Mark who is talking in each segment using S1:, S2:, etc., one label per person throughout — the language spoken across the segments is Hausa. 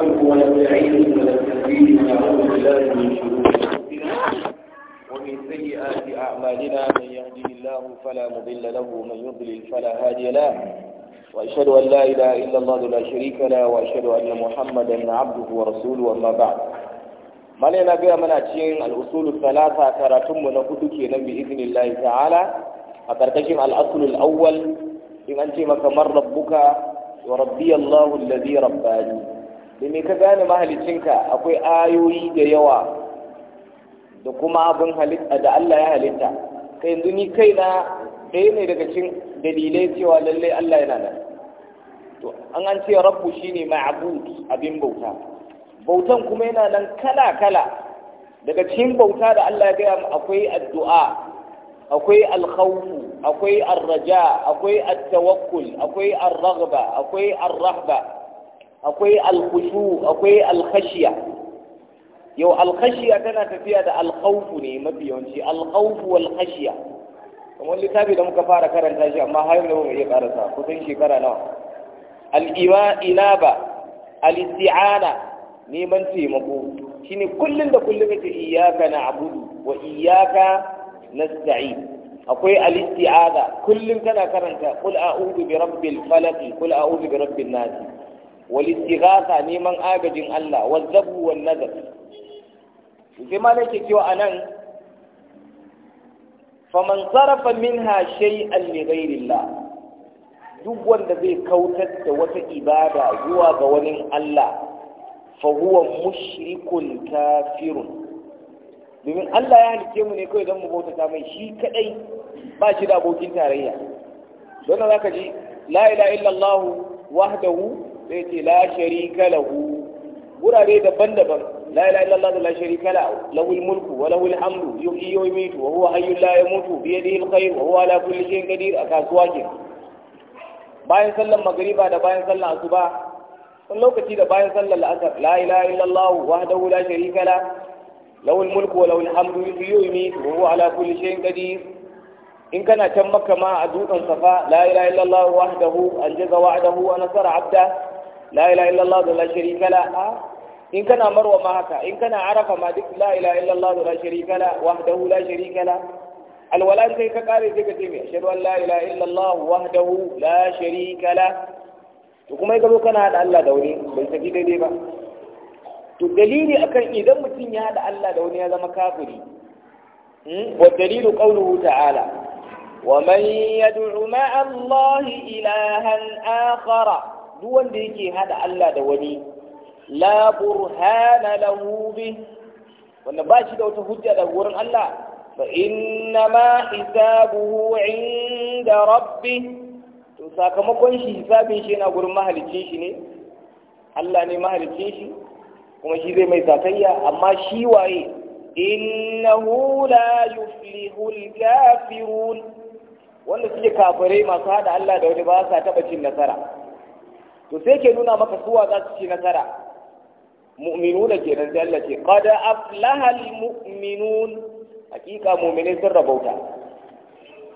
S1: بالله من شرور ومن سيئات اعمالنا من يهده الله فلا مضل له ومن يضلل فلا هادي له واشهد ان لا اله الا الله لا شريك له واشهد ان محمدا عبده ورسوله اما بعد malai na gaya mana cikin al'usulu الثلاثة karatunmu na hudu kenan bi iznillahi ta'ala a karkashin al'asulul awwal in an ce maka وربي الله wa rabbi da me ka gane mahalicinka akwai ayoyi da yawa da kuma abin halitta da Allah ya halitta ka yanzu ni kaina ɗaya ne daga cin dalilai cewa lallai Allah yana nan to an an ce rabbu shine abu abin bauta bautan kuma yana nan kala kala daga cikin bauta da Allah ya gaya akwai addu'a akwai alkhawfu akwai arraja akwai at-tawakkul akwai ar akwai arrahba. akwai alkushu akwai alkhashiya yau alkashiya tana tafiya da alkhawfu ne mafi yawanci alkhawfu wal kamar littafi da muka fara karanta shi amma har yau mai iya karasa kusan shekara nawa al-ima inaba al neman taimako shine kullum da kullun iyaka na na'budu wa na Sa'i. akwai al kullum tana karanta qul a'udhu bi rabbil falaq qul a'udhu bi rabbin nas wal neman agajin Allah wal zabu wan nazar sai ma nake cewa anan faman sarafa minha shay'an li ghayrillah duk wanda zai kautar da wata ibada zuwa ga wani Allah fa huwa mushrikun kafirun domin Allah ya halice mu ne kawai don mu bautata mai shi kadai ba shi da abokin tarayya don za ka ji la ilaha illallah wahdahu Zai ce la sharika lahu wurare daban-daban la ilaha illallah la sharika lahu lahul mulku wa lahul hamdu yuhyi wa yumiitu wa huwa hayyul la yamutu bi yadihi alkhair wa huwa ala kulli shay'in qadir a kasuwa ke bayan sallan magriba da bayan sallan asuba sun lokaci da bayan sallan la'asar la ilaha illallah wahdahu la sharika la lahul mulku wa lahul hamdu yuhyi wa yumiitu wa huwa ala kulli shay'in qadir in kana can makka ma a dutsen safa la ilaha illallah wahdahu anjaza wa'dahu wa nasara 'abdahu la ilaha illallah da la sharika la a in kana marwa ma in kana arafa ma duk la ilaha illallah da la sharika la wahdahu la sharika la alwala sai ka kare sai ka ce mai la ilaha illallah wahdahu la sharika la to kuma ka zo kana hada Allah da wani bai tafi daidai ba to dalili akan idan mutum ya hada Allah da wani ya zama kafiri hmm? wa dalilu qawluhu ta'ala ومن يدع مع الله إلها آخر duk wanda yake hada Allah da wani la burhana lahu bi wanda ba shi da wata hujja da wurin Allah fa inna ma hisabuhu inda rabbi to sakamakon shi hisabin shi yana gurin mahalicin shi ne Allah ne mahalicin shi kuma shi zai mai zakayya. amma shi waye innahu la yuflihul kafirun wanda suke kafirai masu hada Allah da wani ba sa taba cin nasara to sai ke nuna maka suwa za su ci nasara mu'minu da kenan sai Allah ce qad aflaha almu'minun hakika mu'minai sun rabauta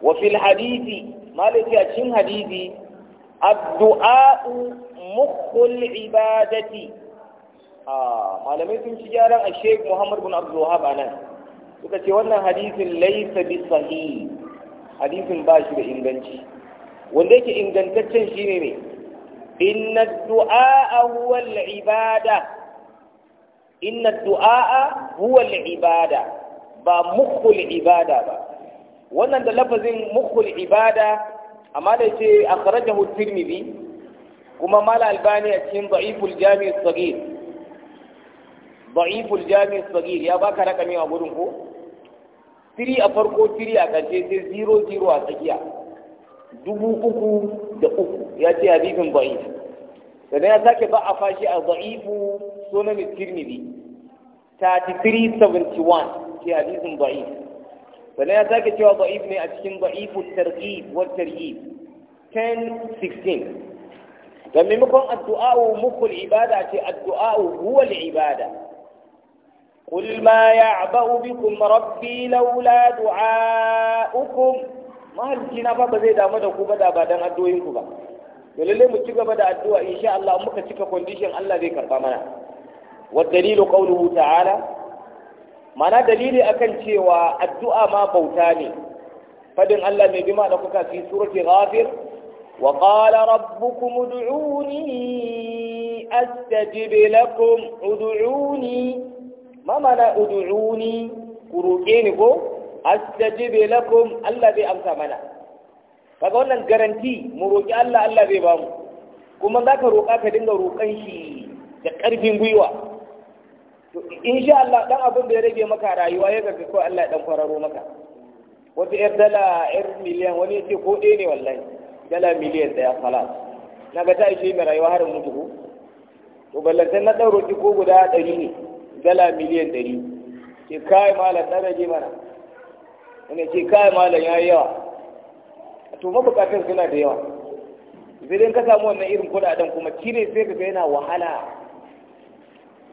S1: wa fil hadisi malaki a cikin hadisi addu'a mukhul ibadati ah malamai sun ci gyaran a Sheikh Muhammad bin Abdul Wahhab anan suka ce wannan hadisin laysa bi sahih hadisin ba shi da inganci wanda yake ingantaccen shine ne إن الدعاء هو العبادة إن الدعاء هو العبادة بمخ العبادة با. wannan da lafazin mukhul ibada amma da ce akhrajahu tirmidhi kuma mala albani a cikin da'iful jami' as-saghir da'iful jami' ya baka rakami a gurin ko tiri a farko tiri a kace sai zero zero a tsakiya dubu uku da uku ya ce hadisin da'if sannan ya sake ba a fashi a da'ifu sunan tirmidhi 3371 ce hadisin da'if sannan ya sake cewa da'if ne a cikin da'ifu targhib wa tarhib 1016 da maimakon addu'a mukul ibada ce addu'a huwa ibada قل ما يعبأ بكم ربي لولا دعاؤكم mahalci na ba zai damu da ku ba da ba dan addu'o'in ku ba to lalle mu ci gaba da addu'a insha Allah muka cika condition Allah zai karba mana wa dalilu qawluhu ta'ala mana dalili akan cewa addu'a ma bauta ne fadin Allah mai bima da kuka fi surati ghafir wa qala rabbukum ud'uni astajib lakum ud'uni ma mana ud'uni ku roƙe ni ko astajibe lakum Allah zai amsa mana kaga wannan garanti mu roƙi Allah Allah zai ba mu kuma za ka roƙa ka dinga roƙan shi da ƙarfin gwiwa to insha Allah dan abin da ya rage maka rayuwa ya ga ko Allah ya dan kwararo maka wata yar dala yar miliyan wani yace ko ɗaya ne wallahi dala miliyan ɗaya khalas na ga ta ishe mai rayuwa har mutu ko to ballantan na ɗan roƙi ko guda ɗari ne dala miliyan ɗari ke kai malam ɗan rage mana wani ce kai malam ya yi yawa to mabukatar suna da yawa sai dai ka samu wannan irin kudaden kuma kine sai ka ga yana wahala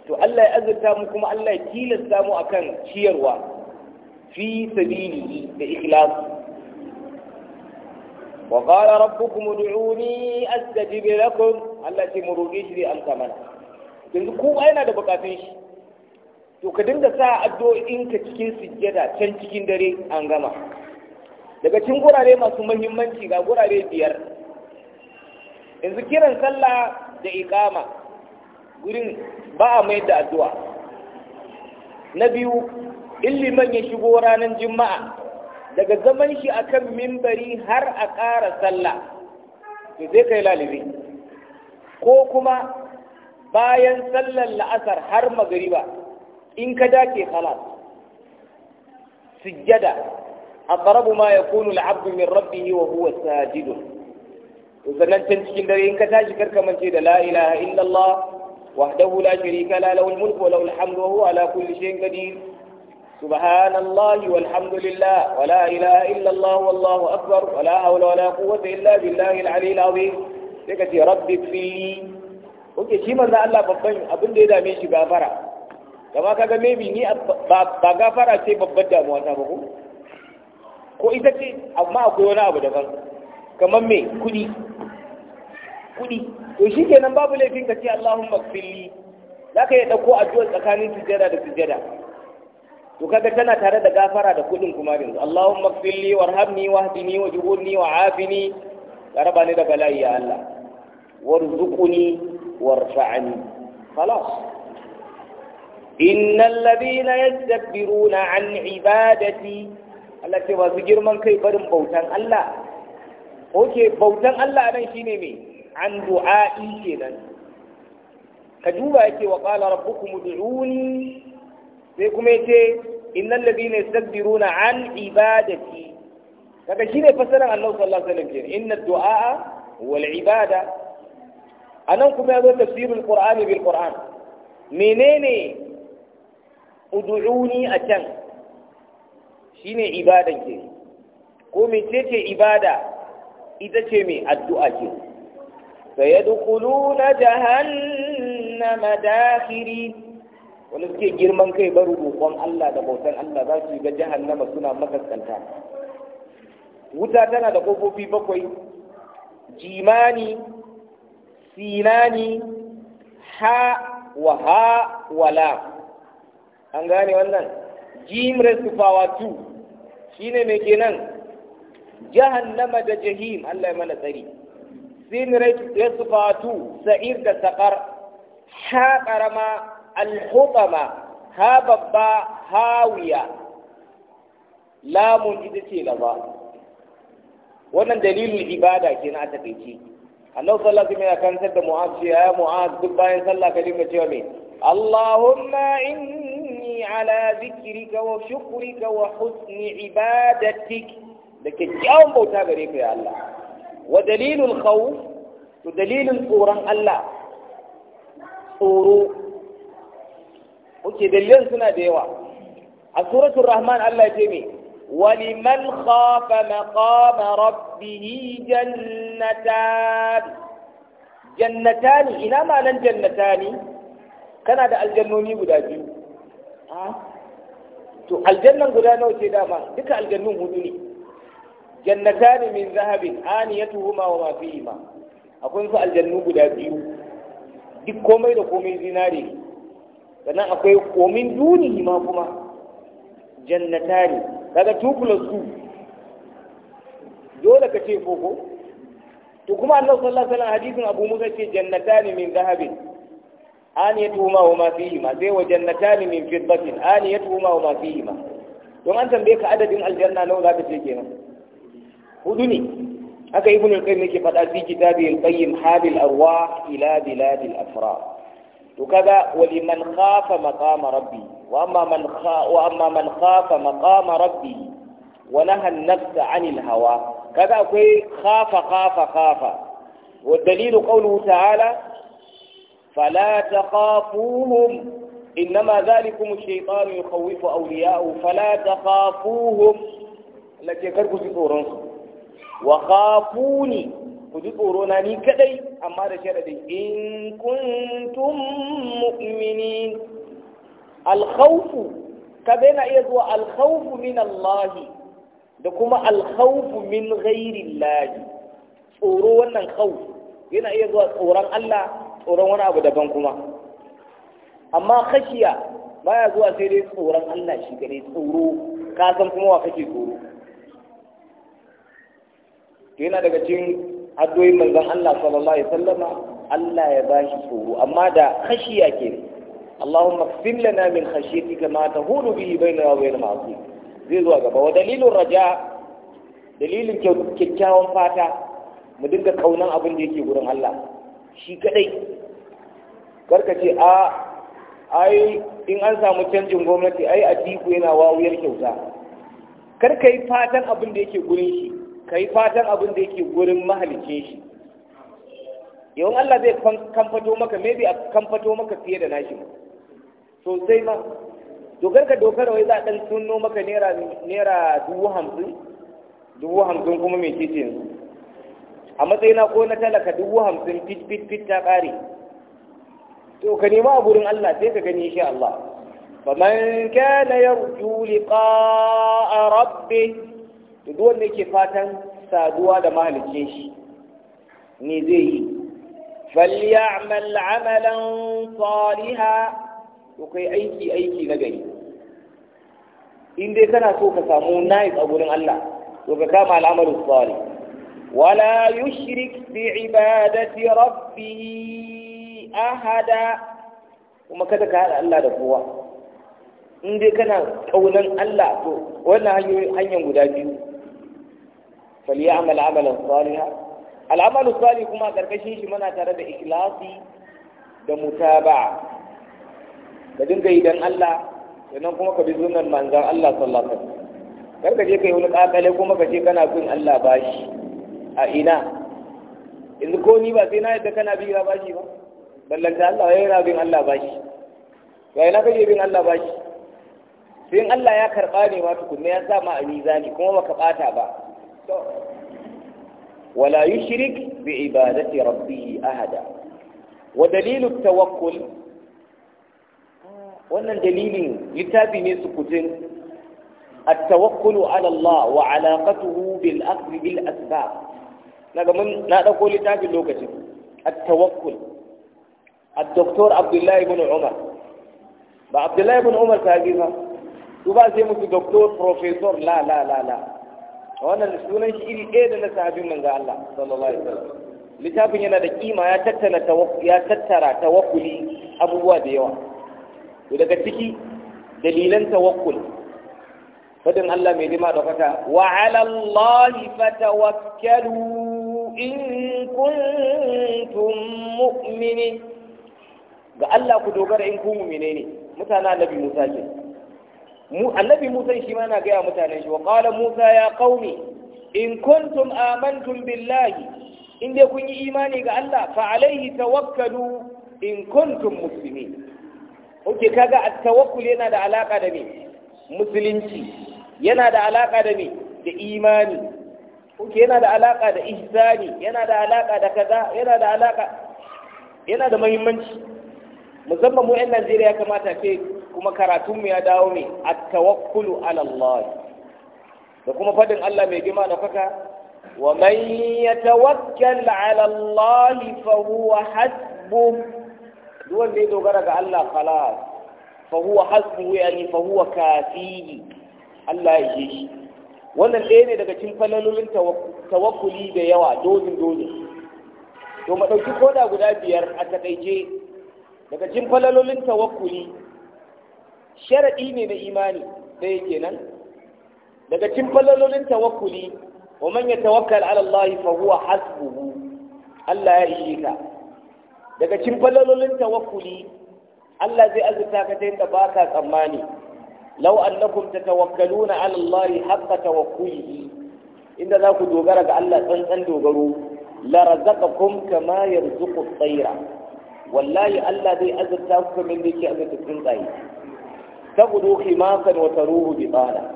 S1: to Allah ya azurta mu kuma Allah ya tilasta mu akan ciyarwa fi sabili da ikhlas wa qala rabbukum ud'uni astajib lakum Allah ce mu roƙe shi dai an mana yanzu kowa yana da bukatun shi to ka dinga sa addu'o'inka cikin sujjada can cikin dare an gama daga cikin gurare masu muhimmanci ga gurare biyar yanzu kiran sallah da iqama gurin ba a mai da addu'a na biyu illiman ya shigo ranar juma'a daga zaman shi akan mimbari har a ƙara sallah to zai kai lalibi ko kuma bayan sallar la'asar har magariba in ka dace khalas sujjada aqrabu ma yakunu al-'abdu min rabbihi wa huwa sajid sannan can cikin dare in ka tashi karka mance da la ilaha illallah wahdahu la sharika la lahu al-mulku wa lahu al-hamdu wa huwa ala kulli shay'in qadir سبحان الله والحمد لله ولا إله إلا الله والله أكبر ولا حول ولا قوة إلا بالله rabbi العظيم لك ربك في وكي شيما الله بطن أبن دي دامي شبابرا gama kaga maybe ni ba gafara ce babbar damuwa ta ba ko ko ita ce amma akwai wani abu daban kamar me kudi kudi to shi kenan babu laifin ka ce Allahumma ka zaka yi a addu'a tsakanin sujada da sujada? to kaga tana tare da gafara da kudin kuma yanzu Allahumma gfirli warhamni wahdini wa afini ka raba ni da bala'i ya Allah warzuqni warfa'ni خلاص إن الذين يستكبرون عن عبادتي Allah ce masu girman kai barin bautan Allah oke Allah nan shine me an du'a'i kenan ka duba yake wa qala rabbukum ud'uni sai kuma yace innal ladina yastakbiruna an ibadati kaga shine fasaran Allah sallallahu alaihi wasallam kenan inna du'a wal ibada anan kuma yazo tafsirul qur'ani bil qur'an menene uduuni a can shine ibadan ke ko mecece ibada ita ce mai addu'a ke na jahannama dakhiri wani suke girman kai bari rukon Allah da bautan Allah za su yi ga jahannama suna makaskanta wuta tana da ƙofofi bakwai jimani sinani ha wa ha wala an gane wannan jim raised to power 2 shine me kenan jahannama da jahim Allah ya mana tsari sin raised to power 2 sa'ir da saƙar, ha qarama al hutama ha babba hawiya lamun ita ce ba. wannan dalilin ibada kenan a takeice annabi sallallahu alaihi wasallam kansar da mu'az ya mu'az duk bayan sallah ka dinga cewa me Allahumma inni على ذكرك وشكرك وحسن عبادتك لكن كيوم بوتا غريك يا الله ودليل الخوف ودليل القرآن الله tsoro oke dalilan suna da yawa a suratun rahman Allah ce me waliman khafa maqama rabbihi jannatan jannatani ina ma nan jannatani kana da aljannoni guda biyu to aljannan guda nawa ke dama duka aljannun hudu ne jannatani min zahabin aniyatuhuma wa ma ma akwai su aljannu guda biyu duk komai da komai zinare ne sannan akwai komin dunihi ma kuma jannatani daga 2 su dole ka ce koko to kuma Allah sallallahu alaihi wasallam hadisin Abu Musa ce jannatani min zahabin aniyatuhuma wa ma fihima sai wa jannatani min fiddatin aniyatuhuma wa ma don an tambaye ka adadin aljanna nawa zaka ce kenan hudu ne haka ibn al-qayyim yake faɗa fi kitabi al-qayyim hadil arwah ila bilad al-afrar to kaga waliman khafa maqama rabbi wa amma man kha wa amma man khafa maqama rabbi wa naha an-nafsa 'anil hawa kaga akwai khafa khafa khafa dalilu قوله ta'ala? فلا تخافوهم إنما ذلكم الشيطان يخوف أولياءه فلا تخافوهم التي كركوا تطورون وخافوني كتطورونا نكدي أما رشدي إن كنتم مؤمنين الخوف كبين يزوى الخوف من الله دكما الخوف من غير الله tsoro wannan khawf yana iya zuwa tsoron Allah tsoron wani abu daban kuma amma khashiya baya zuwa sai dai tsoron Allah shi gare tsoro ka san kuma wa kake tsoro to yana daga cikin addu'o'in manzon Allah sallallahu alaihi wasallama Allah ya bashi tsoro amma da khashiya kenan اللهم اغفر لنا من خشيتك ما تهون به بيننا وبين معصيتك zai zuwa gaba wa dalilin raja dalilin kyakkyawan fata mu dinga kaunan abin da yake wurin Allah shi kadai karka ce a ai in an samu canjin gwamnati ai a diku yana wawuyar kyauta karka yi fatan abin da yake gurin shi ka yi fatan abin da yake gurin mahalicin shi yawan Allah zai kamfato maka maybe a kamfato maka fiye da nashi sosai ma to ka dokar wai za a ɗan suno maka naira dubu hamsin dubu hamsin kuma mai ce yanzu a matsayina ko na talaka dubu hamsin fit fit fit ta ƙare to ka nema a gurin Allah sai ka gani shi Allah faman kana yarju liqa'a rabbi duk ne yake fatan saduwa da mahalicin shi ne zai yi falyamal amalan saliha to kai aiki aiki na gari in dai kana so ka samu nais a gurin Allah to ka kama al'amarin salih ولا يشرك بعبادة ربه أحدا وما كذا قال الله دفوا إن دي كان قولا الله وانا هنيا غدا بيو فليعمل عملا صالحا العمل الصالح كما كركشين شي منا تare da ikhlasi da mutaba'a ka dinga yi Allah sannan kuma ka bi sunnar manzon Allah sallallahu alaihi wasallam kar ka je kai wani kakale kuma ka ce kana bin Allah bashi a ina yanzu ko ni ba sai na yadda kana bi ba shi ba ballanta Allah ya yana bin Allah bashi wai na kaje bin Allah bashi sai in Allah ya karba ne ma tukunna ya sa ma a mizani kuma baka bata ba to wala yushrik bi ibadati rabbih ahada wa dalilu tawakkul wannan dalilin littafi ne su kutun التوكل على الله وعلاقته بالأخذ بالأسباب daga mun na ɗauko littafin lokacin a tawakkul a doktor Abdullahi ibn Umar ba Abdullahi ibn Umar ta sahabi ba su ba sai musu doktor professor la la la la wannan sunan shi iri ɗaya da na sahabin manzo Allah sallallahu alaihi wasallam littafin yana da kima ya tattara ya tattara tawakkuli abubuwa da yawa to daga ciki dalilan tawakkul fadin Allah mai dima da fata wa ala Allah fatawakkalu in kuntum mu'mini ga Allah ku dogara in ku mu'mine ne mutane annabi Musa ke mu annabi Musa shi ma na gaya mutanen shi wa qala Musa ya qaumi in kuntum amantum billahi in dai kun yi imani ga Allah fa alaihi tawakkalu in kuntum muslimin oke kaga at-tawakkul yana da alaka da me musulunci yana da alaka da me da imani oke yana da alaƙa da ihsani yana da alaƙa da kaza yana da alaƙa, yana da muhimmanci musamman mu yan Najeriya kamata ke kuma karatun mu ya dawo ne at-tawakkulu ala Allah da kuma fadin Allah mai girma da faka. wa man yatawakkal ala Allah fa huwa hasbu duk wanda ya dogara ga Allah khalas fa huwa hasbu yani fa huwa kafihi Allah ya yi shi wannan ɗaya ne daga cikin falalolin tawakkuli da yawa dozin dozin to mu ɗauki koda guda biyar a taƙaice daga cikin falalolin tawakkuli sharaɗi ne na imani ɗaya kenan daga cikin falalolin tawakkuli wa man yatawakkal ala Allah fa huwa hasbuhu Allah ya yi ka daga cikin falalolin tawakkuli Allah zai azurta ka ta yadda baka tsammani law annakum tatawakkaluna ala Allah haqqa tawakkulihi inda za ku dogara ga Allah tsantsan dogaro la razaqakum kama yarzuqu at-tayra wallahi Allah zai azurta ku kamar da yake azurta tsuntsaye taqudu khimasan wa taruhu bi tsala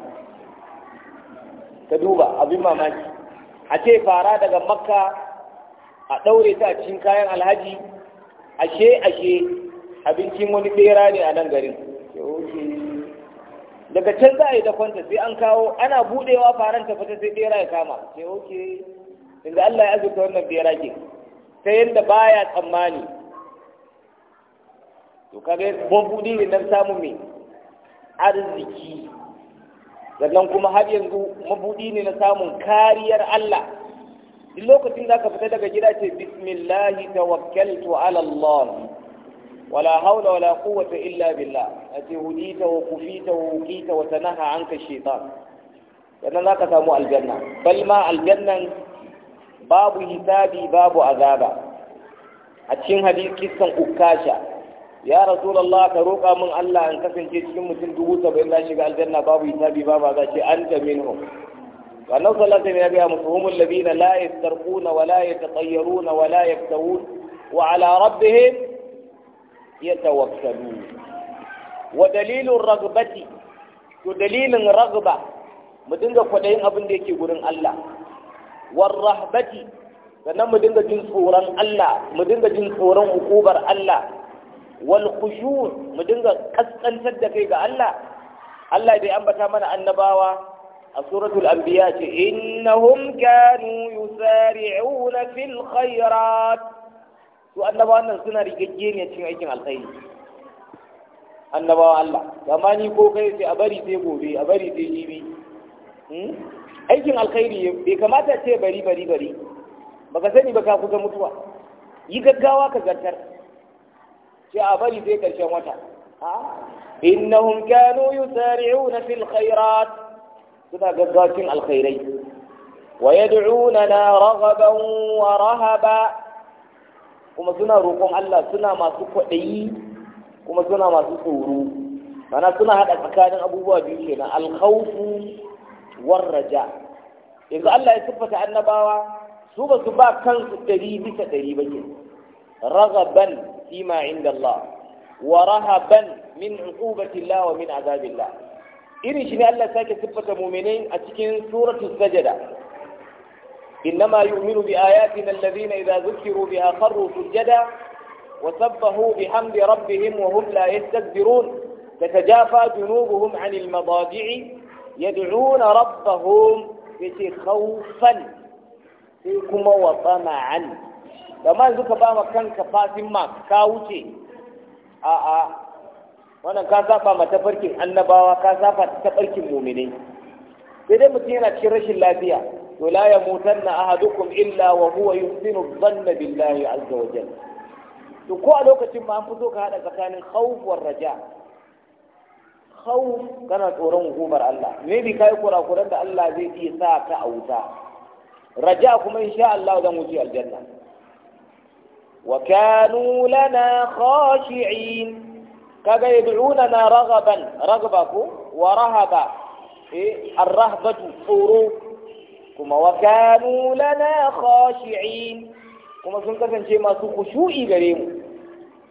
S1: ka duba abin mamaki a ce fara daga makka a ɗaure ta a cikin kayan alhaji ashe ashe abincin wani bera ne a nan garin daga can za a yi dafanta sai an kawo ana budewa faran ta fita sai bera ya kama sai oke inda Allah ya azurta wannan bera ke ta yadda baya tsammani to kaga bon budi ne nan samu mai arziki sannan kuma har yanzu mabudi ne na samun kariyar Allah duk lokacin da ka fita daga gida ce bismillahi tawakkaltu ala Allah ولا حول ولا قوة إلا بالله أتي هديت وكفيت ووقيت وتنهى عنك الشيطان لأن لا تسامو الجنة بل ما الجنة باب حسابي باب عذابا أتشين هذه قصة أكاشا يا رسول الله تروقا من الله أن تكن تشكين مثل دبوسة بإلا شكا الجنة باب حسابي باب عذابا أنت منهم وأنه صلى الله عليه وسلم هم الذين لا يسترقون ولا يتطيرون ولا يفتوون وعلى ربهم yatawakkalun wa dalilun ragbati to dalilin ragba mu dinga kwaɗayin abin da yake gurin Allah war rahbati sannan mu dinga jin tsoron Allah mu dinga jin tsoron hukubar Allah wal khushu' mu dinga kaskantar da kai ga Allah Allah bai ambata mana annabawa a suratul anbiya ce innahum kanu yusari'una fil khairat su annaba wannan suna rigagge ne cikin aikin alkhairi Annabawa Allah amma ni ko kai sai a bari sai gobe a bari sai jibi hmm? aikin alkhairi bai kamata ce bari bari bari baka sani baka ka mutuwa yi gaggawa ka zartar sai a bari sai karshen wata innahum kanu yusari'una fil khairat suna gaggawa cin alkhairai wa na raghaban wa rahaba kuma suna roƙon Allah suna masu kwaɗayi kuma suna masu tsoro mana suna haɗa tsakanin abubuwa biyu kenan Alkaufu war raja yanzu Allah ya siffata annabawa su ba su ba kansu ɗari bisa ɗari ba ke ragaban fima inda Allah wa rahaban min uqubatillah wa min azabillah irin shi ne Allah sake siffata mu'minai a cikin suratul sajada إنما يؤمن بآياتنا الذين إذا ذكروا بها خروا سجدا وسبحوا بحمد ربهم وهم لا يستكبرون تتجافى جنوبهم عن المضاجع يدعون ربهم خوفا فيكم وطمعا لما يزكى بما كان كفاتم ما كاوتي آآ آآ wannan ka saba ma tafarkin annabawa ka saba tafarkin muminai sai dai mutum yana cikin rashin lafiya to la yamutanna ahadukum illa wa huwa yuhsinu dhanna billahi azza wa jalla a lokacin ma an fito ka hada tsakanin khawf war raja khawf kana tsoron hukumar Allah maybe kai kurakuran da Allah zai iya sa ka a wuta raja kuma insha Allah zan wuce aljanna wa kanu lana khashi'in kaga yad'unana raghaban raghaba ko wa rahaba eh ar-rahbatu tsoro kuma wa kanu lana khashi'in kuma sun kasance masu khushu'i gare mu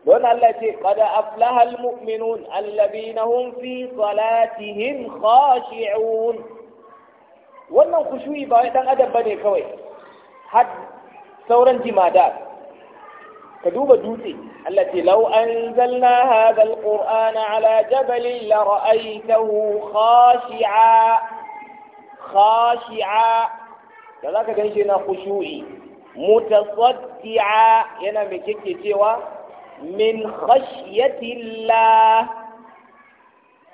S1: don Allah ce qad aflaha almu'minun alladhina hum fi salatihim khashi'un wannan khushu'i ba wai dan adam bane kawai had sauran jimada ka duba dutse Allah ce law anzalna hadha alqur'ana ala jabalin la ra'aytahu khashi'a khashi'a da za ka gan shi na khushu'i mutasaddi'a yana mai cewa min khashyatillah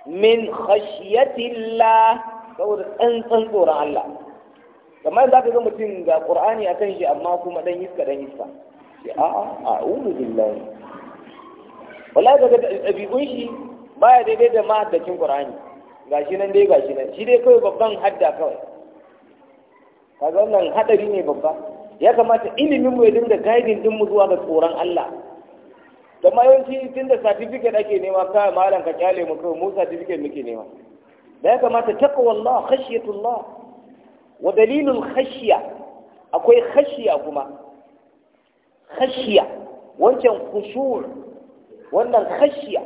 S1: min khashyatillah saboda tsantsan tsoron Allah kamar za ka ga mutum ga qur'ani akan shi amma kuma dan iska dan iska sai a a a'udhu billahi ga da dabi'un shi baya daidai da mahaddacin qur'ani gashi nan dai gashi nan shi dai kawai babban hadda kawai kaga wannan hadari ne babba ya kamata ilimin mu ya dinga guiding din mu zuwa ga tsoron Allah da ma yawanci tun da certificate ake nema ka malam ka kyale mu kai mu certificate muke nema da ya kamata taqwallah khashyatullah wa dalilul khashya akwai khashya kuma khashya wancan khushu' wannan khashya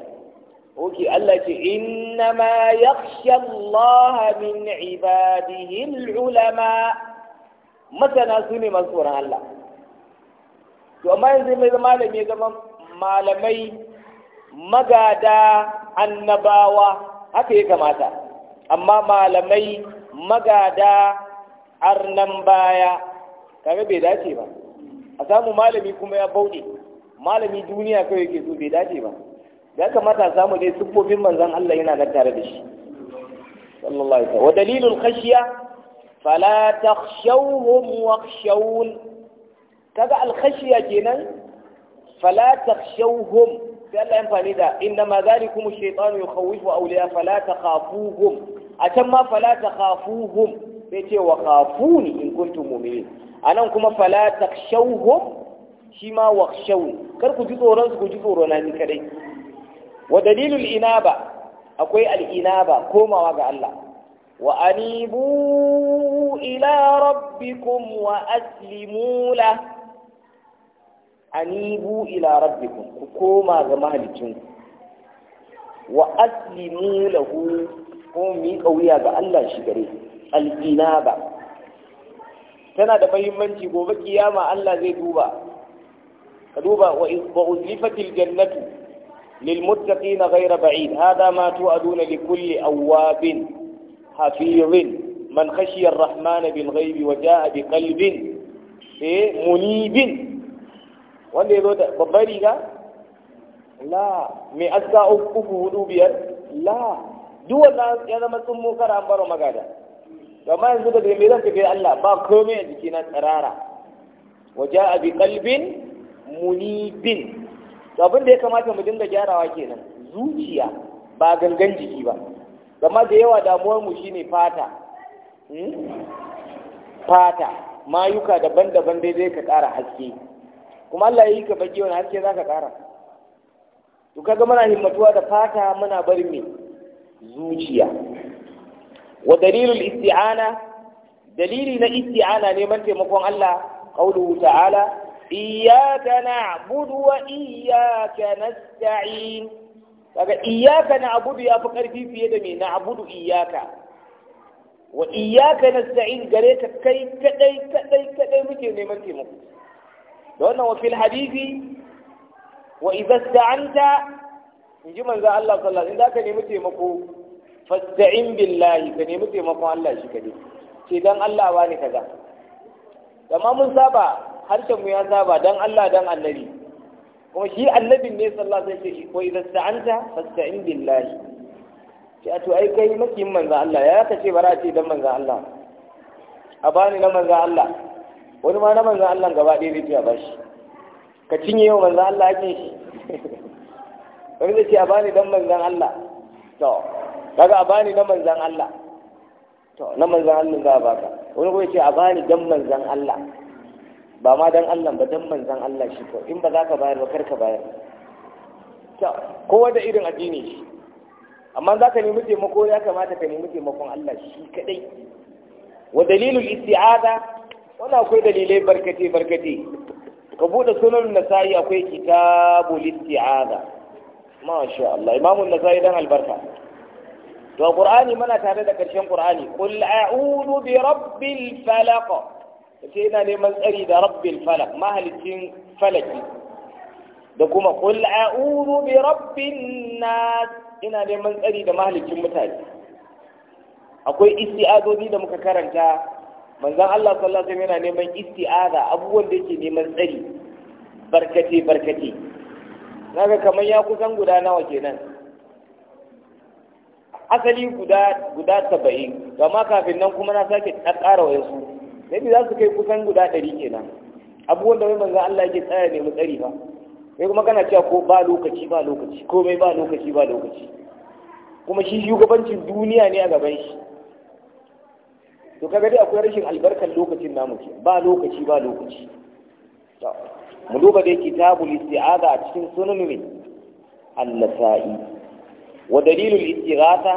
S1: oke Allah ce innama yakhsha Allah min ibadihi ulama masana su ne masu tsoron Allah to amma yanzu mai zama malami zama malamai magada annabawa haka ya kamata amma malamai magada arnan baya kaga bai dace ba a samu malami kuma ya bauɗe malami duniya kawai ke so bai dace ba ya kamata a samu dai siffofin manzon Allah yana nan tare da shi sallallahu alaihi wa dalilul kashiya. fala takhshawhum wakhshawun kaga alkhashiya kenan fala takhshawhum sai Allah ya amfani da inna ma zalikum ash-shaytanu yukhawifu awliya fala takhafuhum a can ma fala takhafuhum sai ce wa kafu ni in kuntum A nan kuma fala takhshawhum shi ma wakhshawun kar ku ji tsoron su ku ji tsoro ni kadai wa dalilul inaba akwai al-inaba komawa ga Allah وأنيبوا إلى ربكم وأسلموا له أنيبوا إلى ربكم كما غمالكم وأسلموا له قومي قوية بألا شكري الإنابة tana da mahimmanci gobe kiyama Allah zai duba ka duba wa uzlifatil jannatu lil muttaqina ghayra ba'id hada ma tu'aduna li kulli awabin حفيظ من خشي الرحمن بالغيب وجاء بقلب إيه منيب wanda ya zo da babbar riga la mai asa uku hudu biyar la duk wanda ya zama sun mu kara an baro magada amma yanzu da me zan tafi Allah ba komai a jiki na tsirara waje a bi kalbin munibin abin da ya kamata mu dinga gyarawa kenan zuciya ba gangan jiki ba gama da yawa damuwar mu shine fata hmm? fata mayuka daban-daban daidai ka ƙara haske kuma Allah ya yi ka baki wani haske za ka ƙara to kaga muna himmatuwa da fata muna bari mai zuciya wa dalilul isti'ana dalili na isti'ana neman taimakon Allah qauluhu ta'ala iyyaka na'budu wa iyyaka nasta'in kaga iyaka na abudu ya fi ƙarfi fiye da mai na abudu iyaka wa iyaka na sa'in gare ka kai kadai kadai kadai muke neman taimako da wannan wa fil hadisi wa idza sta'anta in ji manzo Allah sallallahu alaihi wasallam ka nemi taimako fasta'in billahi ka nemi taimako Allah shi kadai ce dan Allah wani kaza amma mun saba harshen mu ya saba dan Allah dan annabi kuma shi annabin ne sallallahu alaihi wasallam shi ko idan sta'anta fasta'in billahi ce to ai kai makiyin manzo Allah ya ka ce bara ce dan manzo Allah a bani na manzo Allah wani ma na manzo Allah gaba ɗaya zai a bashi ka cinye yau manzo Allah ake shi wani zai ce a bani dan manzon Allah to kaga a bani na manzon Allah to na manzon Allah za a baka wani kuma ya ce a bani dan manzon Allah ba ma don Allah ba don manzan Allah shi ko in ba za ka bayar ba kar ka bayar kowa da irin addini shi amma za ka nemi taimako ya kamata ka nemi taimakon Allah shi kadai wa dalilul isti'aza wannan akwai dalilai barkate barkate ka bude sunan nasa'i akwai kitabul isti'aza masha Allah imamu nasa'i dan albarka to qur'ani mana tare da karshen qur'ani qul a'udhu bi rabbil falaq sai ina neman tsari da rabbil falak mahalicin falaki da kuma kul a'udhu bi rabbin nas ina neman tsari da mahalicin mutane akwai isti'azodi da muka karanta manzon Allah sallallahu alaihi wasallam yana neman isti'aza abubuwan da yake neman tsari barkate barkate naga kamar ya kusan guda nawa kenan asali guda guda 70 amma kafin nan kuma na sake ƙara wayansu nabi za su kai kusan guda ɗari kenan abubuwan da mai manzan Allah ke tsaya ne mu tsari ba sai kuma kana cewa ko ba lokaci ba lokaci komai ba lokaci ba lokaci kuma shi shugabancin duniya ne a gaban shi to kaga dai akwai rashin albarkar lokacin namu ke ba lokaci ba lokaci mu duba dai kitabul isti'aza a cikin sunan ne an-nasa'i wa dalilul istighatha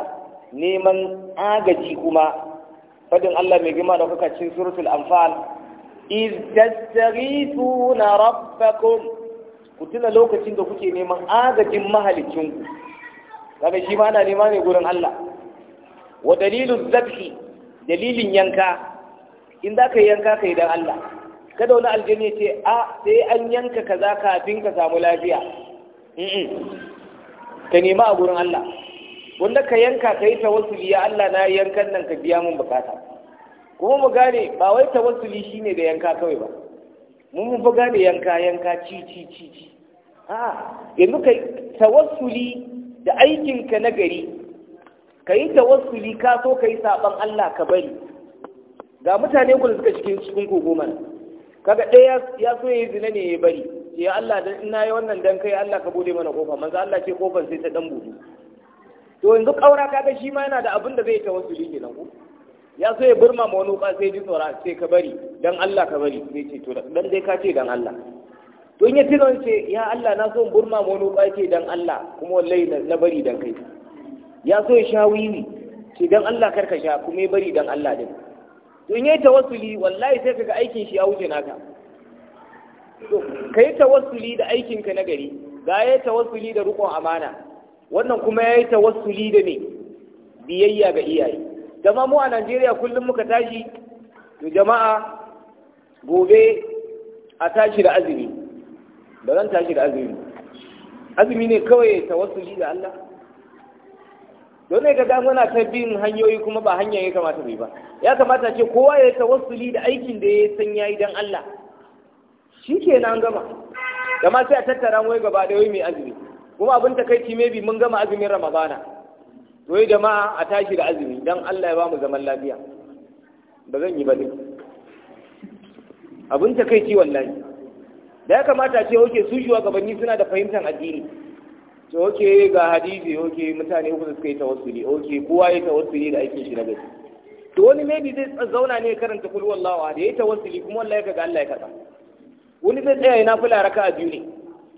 S1: neman agaji kuma fadin Allah mai girma da kuka cin suratul anfal iz tastaghithuna rabbakum ku tuna lokacin da kuke neman agajin mahalicinku kaga shi ma ana nema ne gurin Allah wa dalilu zabhi dalilin yanka in za ka yanka kai dan Allah kada wani aljanni ce a sai an yanka kaza kafin ka samu lafiya ka nema a gurin Allah wanda ka yanka ka yi tawassuli ya Allah na yankan nan ka biya mun bukata kuma mu gane ba wai tawassuli shine da yanka kawai ba mun mun gane yanka yanka ci ci ci ci a yanzu kai tawassuli da aikinka na gari ka yi tawassuli ka so ka yi saban Allah ka bari ga mutane ku da suka cikin cikin kogo kaga ɗaya ya so ya yi zina ne ya bari ya Allah dan ina yi wannan dan kai Allah ka bude mana kofa manzo Allah ce kofar sai ta dan bude to yanzu ka kaga shi ma yana da abin da zai ta wasu shi nan ku ya so ya burma ma wani wuka sai ji tsora sai ka bari dan Allah ka bari sai ce to dan dai ka ce dan Allah to in ya tuna ce ya Allah na so burma ma wani wuka ce dan Allah kuma wallahi na bari dan kai ya so ya sha wiwi ce dan Allah kar ka sha kuma ya bari dan Allah din to in ya yayi tawassuli wallahi sai kaga aikin shi ya wuce naka to kai tawassuli da aikin ka na gari ga yayi tawassuli da rukun amana wannan kuma ya yi tawassuli da ne biyayya ga iyaye zama mu a najeriya kullum muka tashi to jama'a gobe a tashi da azumi ba zan tashi da azumi azumi ne kawai tawassuli da allah don ne ga muna ta bin hanyoyi kuma ba hanya ya kamata bai ba ya kamata ce kowa ya tawassuli da aikin da ya san yayi dan Allah shi ke nan gama da ma sai a tattara mai gaba da wai mai azumi kuma abin takaici maybe mun gama azumin ramadana to yi jama'a a tashi da azumi don Allah ya ba mu zaman lafiya ba zan yi ba ne abin takaici wallahi da ya kamata ce oke su gabanni suna da fahimtar addini to oke ga hadisi oke mutane uku suka yi tawassuli oke kowa ya tawassuli da aikin shi na gaji to wani maybe zai zauna ne karanta kul da ya yayi tawassuli kuma wallahi ga Allah ya kaza wani zai tsaya yana fula raka'a biyu ne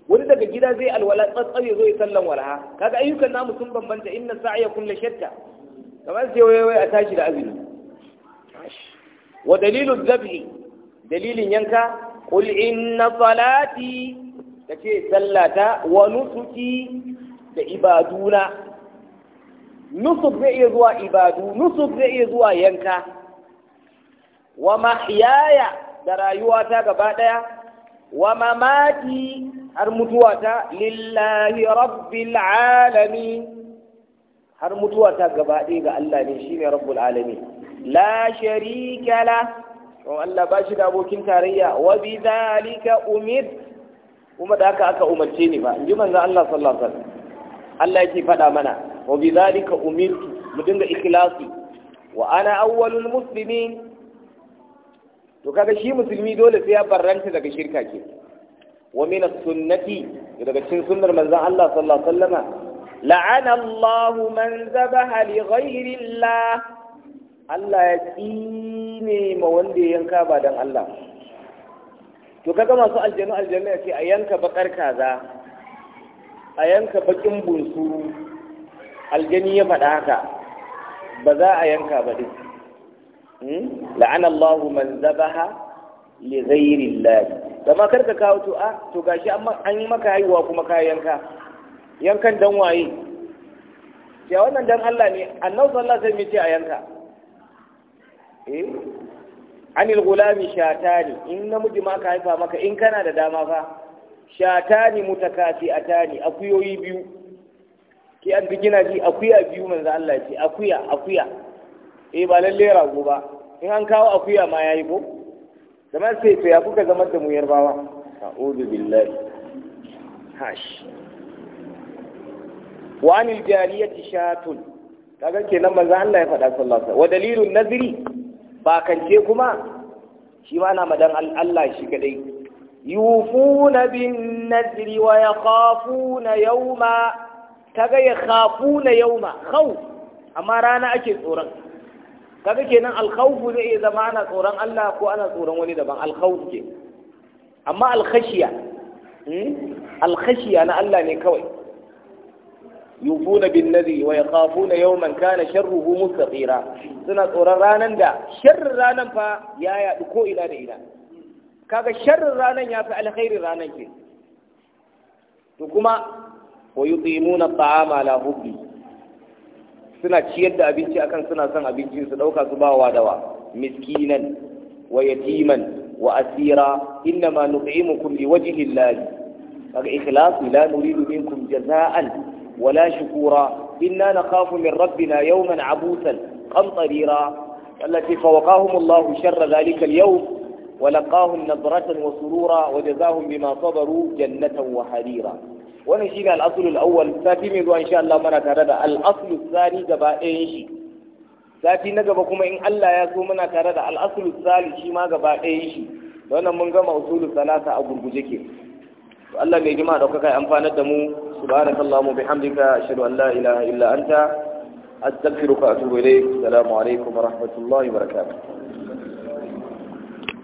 S1: wani daga gida zai alwala tsatsar ya zo ya sallan walaha kaga ayyukan namu sun bambanta inna sa'iya kullu shatta kamar sai waye waye a tashi da azumi wa dalilul dhabhi dalilin yanka qul inna salati kace sallata wa nusuki da ibaduna nusuk zai iya zuwa ibadu nusuk zai iya zuwa yanka wa mahyaya da rayuwata gaba daya wa mamati har mutuwa ta lillahi rabbil alamin har mutuwa ta gaba ga Allah ne shine rabbul alamin la sharika la to Allah ba shi da abokin tarayya wa bi zalika umir kuma da haka aka umarce ni ba in ji manzo Allah sallallahu alaihi wasallam Allah yake faɗa mana wa bi zalika umirtu mu dinga ikhlasi wa ana awwalul muslimin to kaga shi musulmi dole sai ya barranta daga shirka ke wa min Da daga cikin sunnar manzon Allah sallallahu alaihi wasallama la'ana Allah man zabaha li Allah ya tsine ma wanda ya yanka ba dan Allah to kaga masu aljanu aljanu ya ce a yanka bakar kaza a yanka bakin bunsuru aljani ya faɗa haka ba za a yanka ba dai. Hmm? la'ana Allah man zabaha li ghairi llahi amma kar ka kawo to a ah, to gashi an yi maka haihuwa kuma kayanka yanka yankan dan waye ya wannan dan Allah ne annabi sallallahu alaihi wasallam ya ce a yanka eh anil gulami shatani in namiji ma ka haifa maka in kana da dama fa shatani mutakasi atani akuyoyi biyu ki an bi gina ji akuya biyu manzo Allah ce akuya akuya eh ba lalle rago ba in an kawo akuya ma yayi ko zama sai to ya kuka zama da mu yarbawa a'udhu billahi hash wa anil jariyati shatun kaga kenan manzo Allah ya faɗa sallallahu alaihi wa dalilun nazri ba kance kuma shi ma na madan Allah shi kadai yufuna bin nazri wa yakhafuna yawma kaga yakhafuna yawma amma rana ake tsoron kaga kenan alkhawfu zai iya zama ana tsoron Allah ko ana tsoron wani daban alkhawf ke amma alkhashiya hmm? alkhashiya na Allah ne kawai yufuna bin nadhi wa yakhafuna yawman kana sharruhu mustatira suna tsoron ranan da sharrin ranan fa ya yadu ko ina da ina kaga sharrin ranan ya fi alkhairin ranan ke to kuma wa yutimuna ta'ama la hubbi suna ciyar da abinci akan suna son abincin su dauka su ba wa dawa miskinan wa yatiman wa asira innama nut'imukum liwajhi llah kaga ikhlas la nuridu minkum jaza'an wala shukura inna nakhafu min rabbina yawman abusan qamtarira allati fawaqahum Allah sharra dhalika alyawm wa laqahum nadratan wa surura wa وسرورا bima sabaru jannatan wa وحريرا wannan shine al-aslu al-awwal sati mai zuwa insha Allah muna tare da al-aslu tsari gaba ɗayan shi sati na gaba kuma in Allah ya so muna tare da al-aslu tsari shi ma gaba ɗayan shi wannan mun gama usulul salata a gurguje ke to Allah mai jima'a da kai amfanar da mu subhanakallahumma bihamdika ashhadu an la ilaha illa anta astaghfiruka wa atubu ilayk assalamu alaikum wa rahmatullahi wa barakatuh